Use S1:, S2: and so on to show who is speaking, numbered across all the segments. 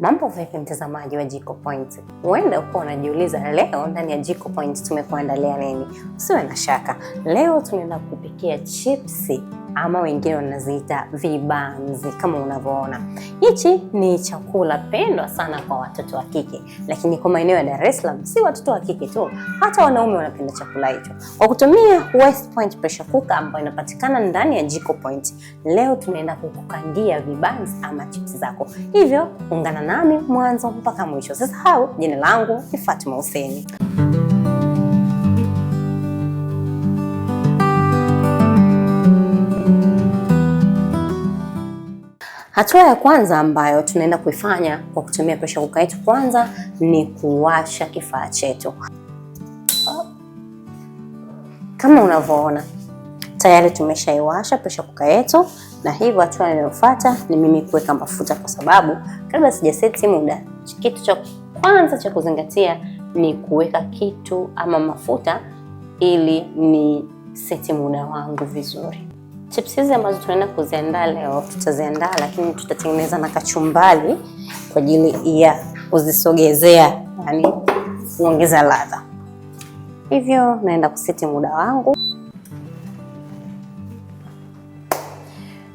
S1: Mambo vipi mtazamaji wa Jiko Point? Huenda uko unajiuliza leo ndani ya Jiko Point tumekuandalia nini? Usiwe na shaka, leo tunaenda kupikia chipsi ama wengine wanaziita vibanzi kama unavyoona. Hichi ni chakula pendwa sana kwa watoto wa kike, lakini kwa maeneo ya Dar es Salaam si watoto wa kike tu, hata wanaume wanapenda chakula hicho. Kwa kutumia West Point pressure cooker ambayo inapatikana ndani ya Jiko Point, leo tunaenda kukukandia vibanzi ama chips zako, hivyo ungana nami mwanzo mpaka mwisho. Sisahau, jina langu ni Fatuma Hussein. Hatua ya kwanza ambayo tunaenda kuifanya kwa kutumia pressure cooker yetu kwanza ni kuwasha kifaa chetu. Oh. Kama unavyoona tayari tumeshaiwasha pressure cooker yetu, na hivyo hatua inayofuata ni mimi kuweka mafuta, kwa sababu kabla sijaseti muda, kitu cha kwanza cha kuzingatia ni kuweka kitu ama mafuta ili ni seti muda wangu vizuri. Chips hizi ambazo tunaenda kuziandaa leo tutaziandaa, lakini tutatengeneza na kachumbali kwa ajili ya kuzisogezea, yani kuongeza ladha. Hivyo naenda kusiti muda wangu.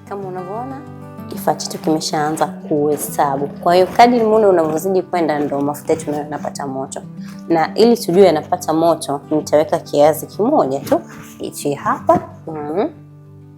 S1: Kama unavyoona kifaa chetu kimeshaanza kuhesabu. Kwa hiyo kadri muda unavyozidi kwenda, ndo mafuta yetu nayo yanapata moto, na ili tujue yanapata moto, nitaweka kiazi kimoja tu hichi hapa mm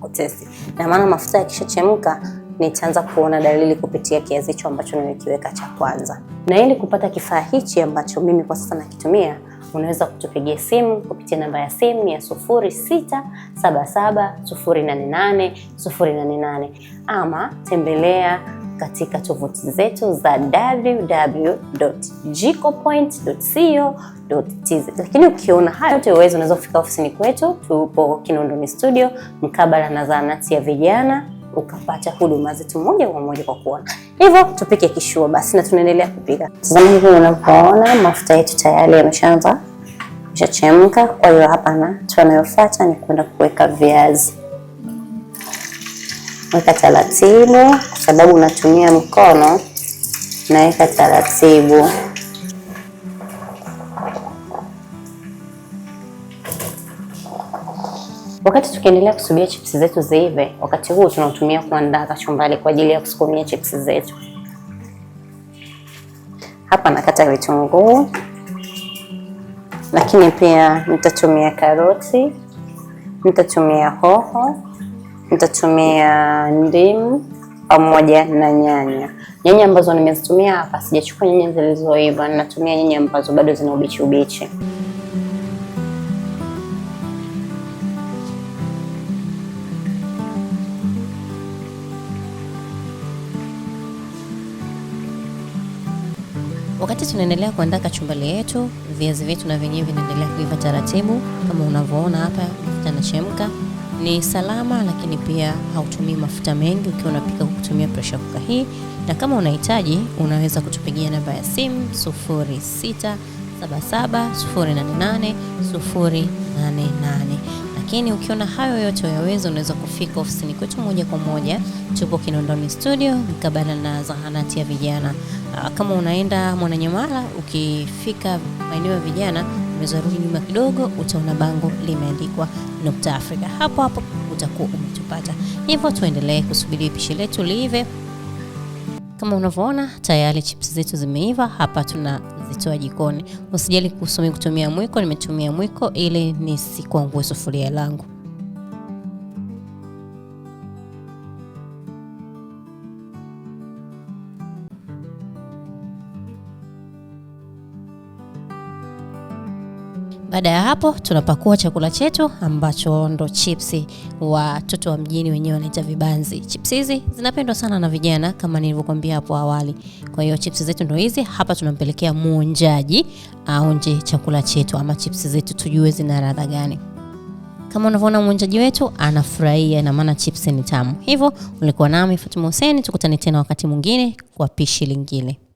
S1: potezi. Na maana mafuta yakishachemka nitaanza kuona dalili kupitia kiazi hicho ambacho nimekiweka cha kwanza. Na ili kupata kifaa hichi ambacho mimi kwa sasa nakitumia, unaweza kutupigia simu kupitia namba ya simu ya 0677088088 ama tembelea katika tovuti zetu za www.jikopoint.co.tz. Lakini ukiona hayo yote uwezo, unaweza kufika ofisini kwetu, tupo Kinondoni Studio mkabala na zahanati ya vijana ukapata huduma zetu moja kwa moja kwa kuona. Hivyo tupike kishua basi, na tunaendelea kupika. Tazama hivi unavyoona, mafuta yetu tayari yameshaanza kuchemka. Kwa hiyo hapana, tunayofuata ni kwenda kuweka viazi weka taratibu, kwa sababu unatumia mkono, naweka taratibu Wakati tukiendelea kusubiria chips zetu ziive, wakati huu tunatumia kuandaa kachumbari kwa ajili ya kusukumia chips zetu. Hapa nakata vitunguu, lakini pia nitatumia karoti, nitatumia hoho nitatumia ndimu pamoja na nyanya. Nyanya ambazo nimezitumia hapa, sijachukua nyanya zilizoiva, natumia nyanya ambazo bado zina ubichi ubichi. Wakati tunaendelea kuandaa kachumbali yetu, viazi vyetu na vyenyewe vinaendelea kuiva taratibu, kama unavyoona hapa, mafuta yanachemka. Ni salama lakini pia hautumii mafuta mengi ukiwa unapika kwa kutumia pressure cooker hii, na kama unahitaji unaweza kutupigia namba ya simu 0677088088. Lakini ukiona hayo yote yaweza, unaweza kufika ofisini kwetu moja kwa moja, tupo Kinondoni studio mkabala na zahanati ya vijana. Kama unaenda Mwananyamala, ukifika maeneo ya vijana umezarudi nyuma kidogo, utaona bango limeandikwa Nukta afrika Hapo hapo utakuwa umetupata. Hivyo tuendelee kusubiri pishi letu liive. Kama unavyoona tayari chips zetu zimeiva, hapa tuna zitoa jikoni. Usijali kuhusu kutumia mwiko, nimetumia mwiko ili nisikwangue sufuria langu. Baada ya hapo tunapakua chakula chetu ambacho ndo chipsi. Watoto wa mjini wenyewe wanaita vibanzi. Chipsi hizi zinapendwa sana na vijana kama nilivyokuambia hapo awali. Kwa hiyo chipsi zetu ndo hizi hapa. Tunampelekea muonjaji aonje chakula chetu ama chipsi zetu, tujue zina ladha gani. Kama unavyoona mwonjaji wetu anafurahia, ina maana chipsi ni tamu. Hivyo ulikuwa nami Fatuma Hussein, tukutane tena wakati mwingine kwa pishi lingine.